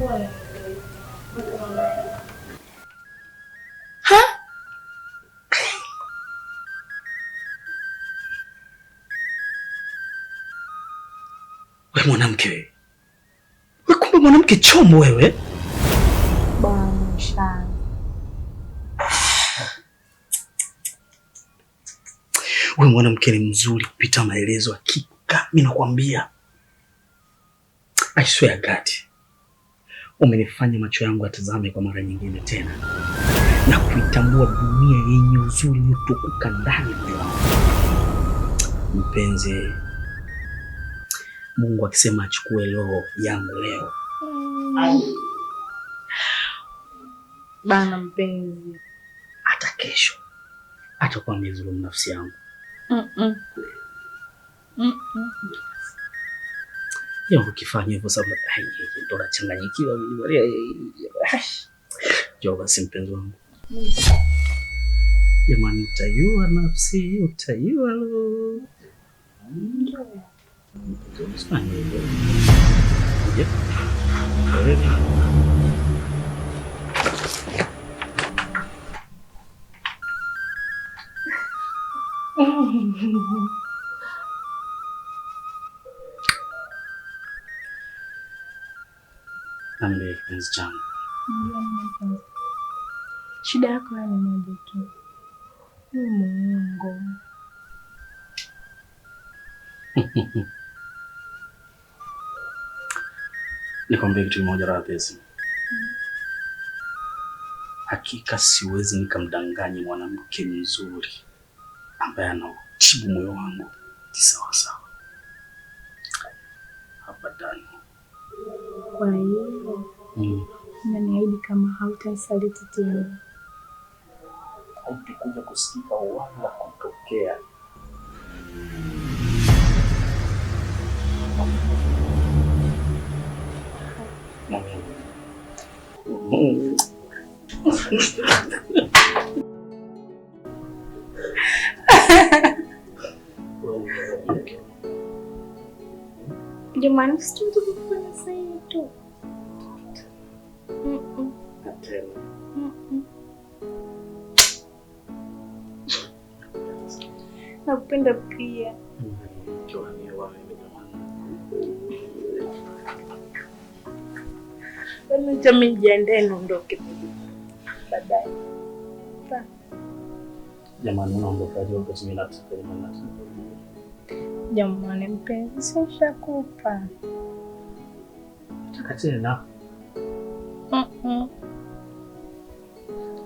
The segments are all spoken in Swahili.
We mwanamke wewe, we kumbe mwanamke chombo wewe bwana. We mwanamke ni mzuri kupita maelezo, hakika mi nakwambia, I swear God umenifanya macho yangu atazame kwa mara nyingine tena na kuitambua dunia yenye uzuri uliotukuka ndani moyo wangu. Mpenzi, Mungu akisema achukue roho yangu leo mm. Bana mpenzi, hata kesho atakuwa amezulumu nafsi yangu mm -mm. Mm -mm. Jambo kifanya hivyo sababu ndo nachanganyikiwa basi, mpenzi wangu jamani, utayua nafsi, utaiua lo na mbele kipenzi changu. Shida yako ni moja tu, huyu Mungu. Nikwambie kitu kimoja Rahathesi, hakika siwezi nikamdanganyi mwanamke mzuri ambaye anautibu moyo wangu kisawasawa. Abada. Kwa hiyo mm. naniahidi kama hautanisaliti tena, haitakuja kusikika wala kutokea. Ndio maana sitaki kufanya sasa hivi tu. Nakupenda pia. Acha mimi nijiandae niondoke. Baadaye. Jamani, unaondoka je? Jamani mpenzi, nishakupa taka tena Uh -uh.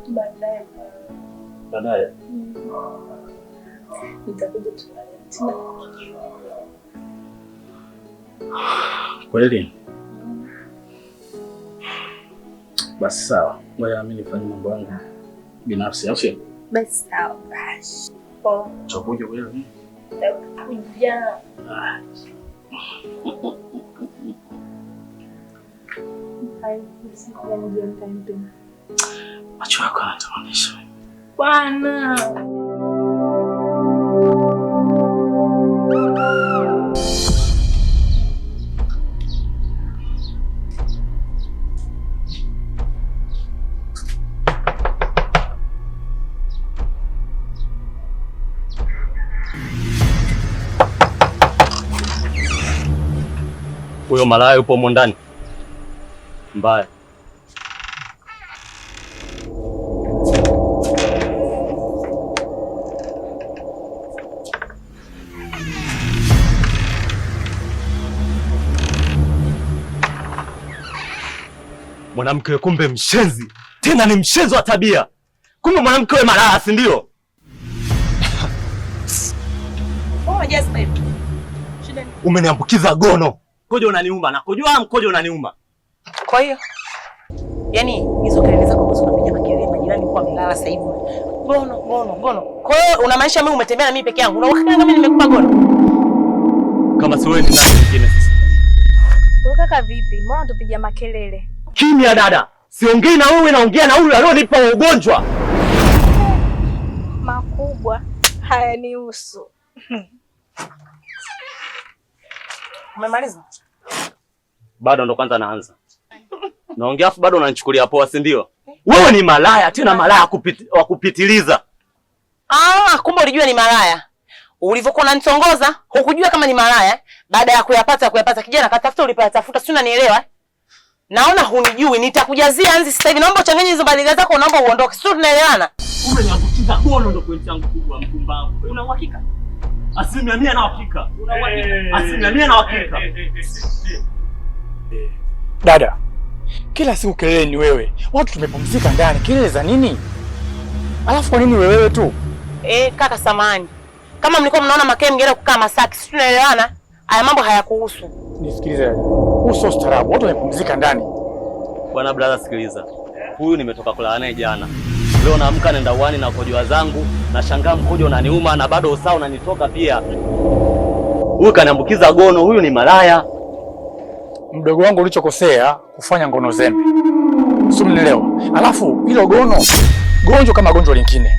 Baadaye baadaye mm. Nitakuja tena kweli mm. Basi sawa, ngoja mimi nifanye mambo yangu binafsi, au sio? Basi sawa, basi. Chakuja kweli. Nitakuja. Macho yako yanatamanisha bwana. Ndio malaya yupo humo ndani mbaya. Mwanamke kumbe mshenzi, tena ni mshenzi wa tabia. Kumbe mwanamke we malaya, si ndio? Oh, Umeniambukiza gono mkojo unaniuma, nakojoa mkojo unaniuma. Kwa hiyo yani hizo kelele zako kwa sababu ya majirani kwa milala sasa hivi. Gono gono gono. Kwa hiyo unamaanisha mimi umetembea na mimi peke yangu. Unauhakika kama nimekupa gono? Kama si wewe ni nani mwingine sasa? Wewe kaka vipi? Mbona unatupigia makelele? Kimya dada. Siongei na wewe naongea na huyu alionipa ugonjwa. Makubwa hayanihusu. Umemaliza? bado ndo kwanza naanza naongea, afu bado unanichukulia poa, si ndio? Wewe ni malaya tena malaya kupit, wa kupitiliza. Ah, kumbe ulijua ni malaya ulivyokuwa unanitongoza, hukujua kama ni malaya. Baada ya kuyapata kuyapata, kijana katafuta, ulipatafuta, si unanielewa? Naona hunijui, nitakujazia anzi sasa hivi. Naomba uchanganye hizo baliga zako, naomba uondoke, sio tunaelewana? Umeniangushiza bono, ndo kwenye changu kubwa, mpumbavu. Una uhakika? Asilimia mia na uhakika. Una uhakika? Eh, Asilimia mia na eh, uhakika. Eh, Dada, kila siku kelele ni wewe, watu tumepumzika ndani, kelele za nini? Alafu kwa nini wewe tu? Eh, kaka samani, kama mlikuwa mnaona makee mngeenda kukaa Masaki, si tunaelewana? Haya mambo hayakuhusu. Nisikilize dada, uso ustarabu, watu wamepumzika ndani. Bwana brother, sikiliza, huyu nimetoka kula naye jana, leo naamka nenda uani na kojwa zangu, nashangaa mkojo unaniuma na bado usaa unanitoka pia. Huyu kaniambukiza gono, huyu ni malaya mdogo wangu ulichokosea kufanya ngono zembe, sio? Mnielewa? Alafu hilo gono gonjwa kama gonjwa lingine,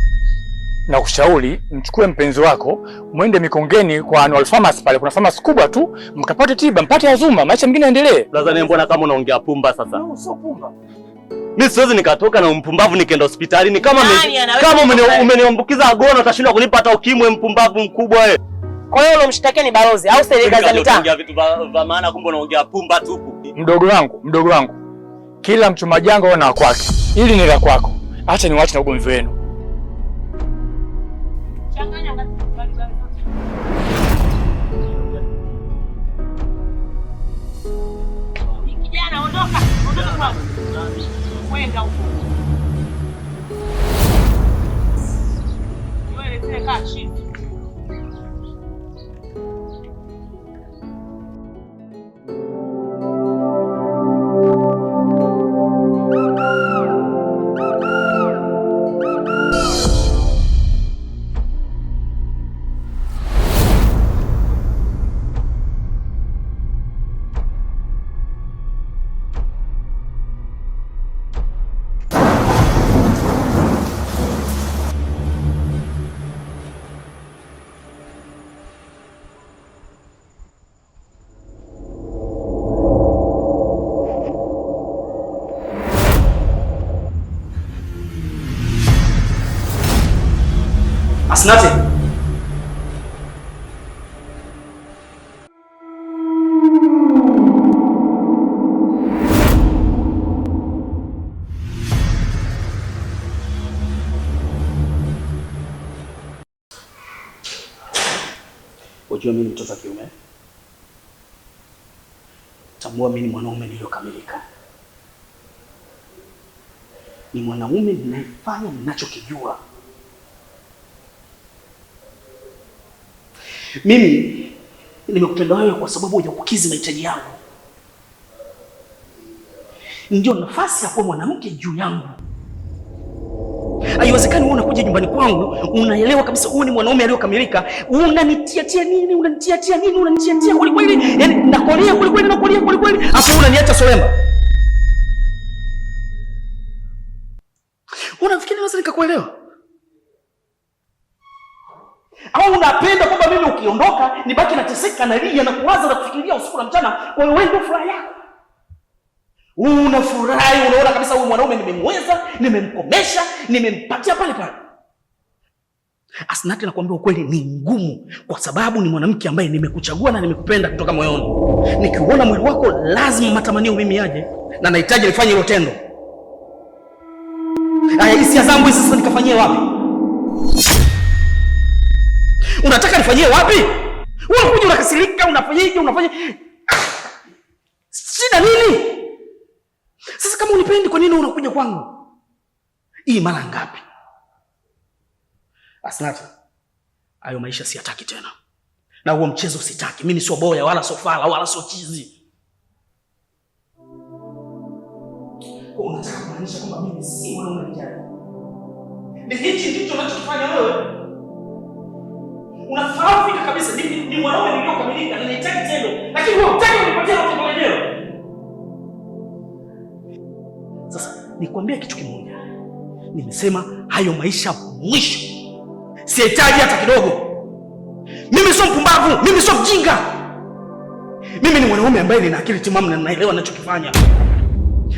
na kushauri mchukue mpenzi wako mwende Mikongeni kwa Annual Pharmacy, pale kuna pharmacy kubwa tu, mkapate tiba, mpate azuma, maisha mengine yaendelee. Lazani, mbona kama unaongea pumba sasa? No, sio pumba. Mimi siwezi nikatoka na mpumbavu nikaenda hospitalini kama me, kama umeniambukiza gono utashindwa kunipa hata ukimwe, mpumbavu mkubwa wewe. Kwa hiyo unomshtakia ni balozi au serikali za mitaa? Unaongea vitu vya maana, kumbe unaongea pumba tupu. Mdogo wangu, mdogo wangu, kila mchuma jango ana kwake, hili ni la kwako. Acha ni watu na ugomvi wenu. Kijana ondoka, ondoka kwangu. Wewe ndio ikiwa mimi mtoto wa kiume, tambua mimi ni mwanaume niliyokamilika, ni mwanaume ninayefanya ninachokijua. Mimi nimekupenda wewe kwa sababu hujakukidhi mahitaji yangu, ndio nafasi ya kuwa mwanamke juu yangu. Haiwezekani wewe unakuja nyumbani kwangu, unaelewa kabisa huyu ni mwanaume aliyokamilika, unanitiatia nini? tia nini? tia kweli kweli, yani nakolea kweli kweli, nakolea kweli kweli, afu unaniacha solemba. Unafikiri naweza nikakuelewa? Au unapenda kwamba mimi ukiondoka nibaki nateseka, nalia na kuwaza na kufikiria usiku na mchana, kwa hiyo wewe ndio furaha yako unafurahi, unaona kabisa huyu mwanaume nimemweza, nimemkomesha, nimempatia pale pale. Asnati, nakwambia ukweli, ni ngumu, kwa sababu ni mwanamke ambaye nimekuchagua na nimekupenda kutoka moyoni. Nikiuona mwili wako, lazima matamanio mimi yaje, na nahitaji nifanye hilo tendo. Aya, hisia zangu hizi sasa nikafanyie wapi? Unataka nifanyie wapi? Unakuja unakasirika, unafanyaje? Unafanya shida nini? Kama unipendi, kwa nini unakuja kwangu? Hii mara ngapi? Asnata, hayo maisha siyataki tena, na huo mchezo sitaki. Mimi sio boya wala sio fala wala sio chizi. Unataka kumaanisha kwamba mwanaume Ni hichi ndicho unachofanya wewe. Unafahamu fika kabisa ni mwanaume niliokamilika, ninahitaji tendo, lakini wewe unataka unipatie mtoto mwenyewe Nikwambia kitu kimoja, nimesema hayo maisha mwisho, sihitaji hata kidogo. Mimi sio mpumbavu, mimi sio mjinga, mimi ni mwanaume ambaye nina akili timamu na ninaelewa ninachokifanya.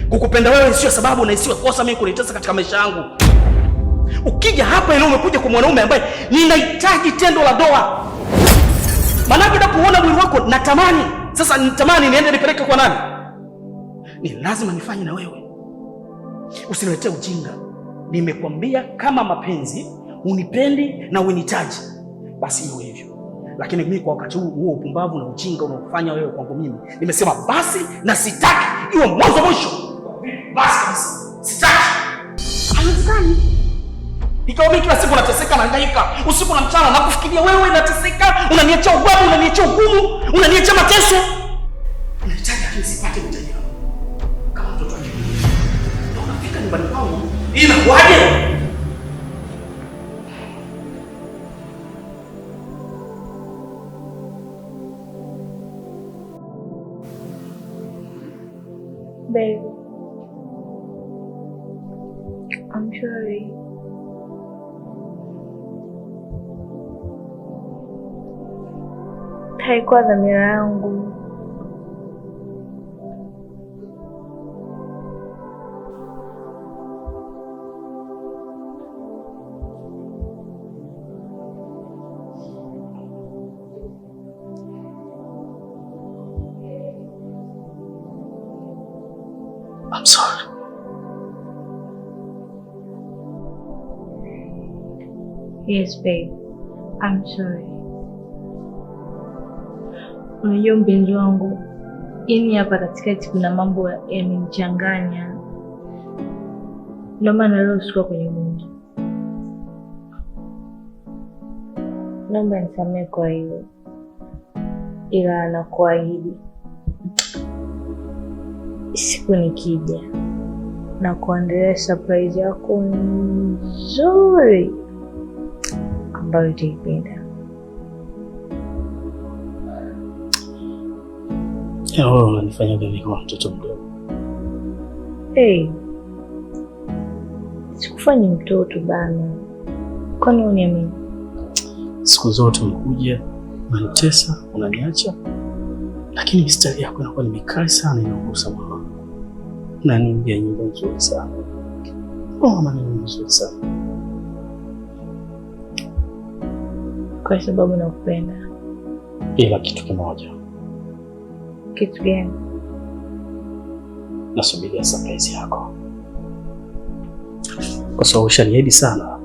Kukupenda wewe sio sababu na isiwe kosa mimi kunitesa katika maisha yangu. Ukija hapa leo umekuja kwa mwanaume ambaye ninahitaji tendo la doa, maanake napoona mwili wako natamani. Sasa nitamani niende nipeleke kwa nani? Ni lazima nifanye na wewe Usiniletee ujinga. Nimekwambia kama mapenzi unipendi na unitaji, basi iwe hivyo. Lakini mimi kwa wakati huu huo upumbavu na ujinga unaofanya wewe kwangu mimi, nimesema basi na sitaki, iwe mwanzo mwisho. Basi sitaki. Ikawa mimi kila siku nateseka na usiku na mchana nakufikiria wewe, nateseka, unaniachia ubavu, unaniachia ugumu, unaniachia mateso. inakuwaje? Haikuwa dhamira yangu. I'm sorry. Yes, babe. I'm sorry. Unajua mpenzi wangu, yani hapa katikati kuna mambo yamenichanganya, ndio maana leo sikuwa kwenye mungi. Naomba nisamehe kwa hiyo, ila nakuahidi siku nikija na kuandalia surprise yako nzuri ambayo utaipenda. Unanifanya mimi kama mtoto mdogo? Hey, sikufanya mtoto bana, kwani uniamini? Siku zote umekuja unanitesa unaniacha, lakini mistari yako inakuwa ni mikali sana, inagusa moyo na nimbia nyimbo nzuri sana oh, maneno nzuri sana kwa sababu nakupenda, ila kitu kimoja. Kitu gani? Nasubiria surprise yako, kwa sababu ushaniahidi sana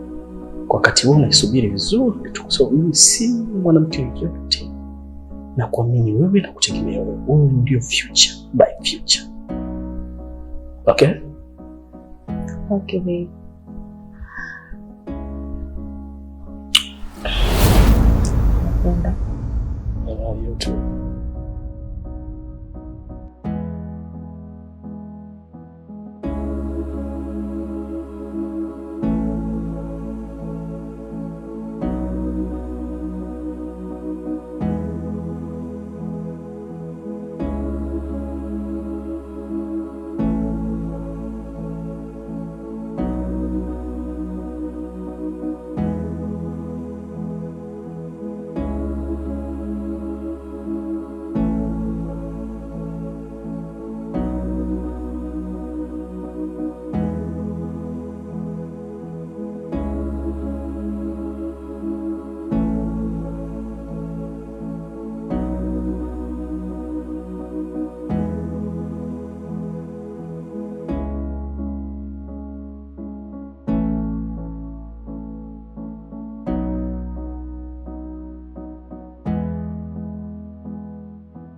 kwa wakati huu, naisubiri vizuri tu, kwa sababu mimi si mwanamke yoyote, na kuamini wewe na kutegemea wewe. Wewe ndio future by future Okay? Okay, babe. Napenda. I love you too.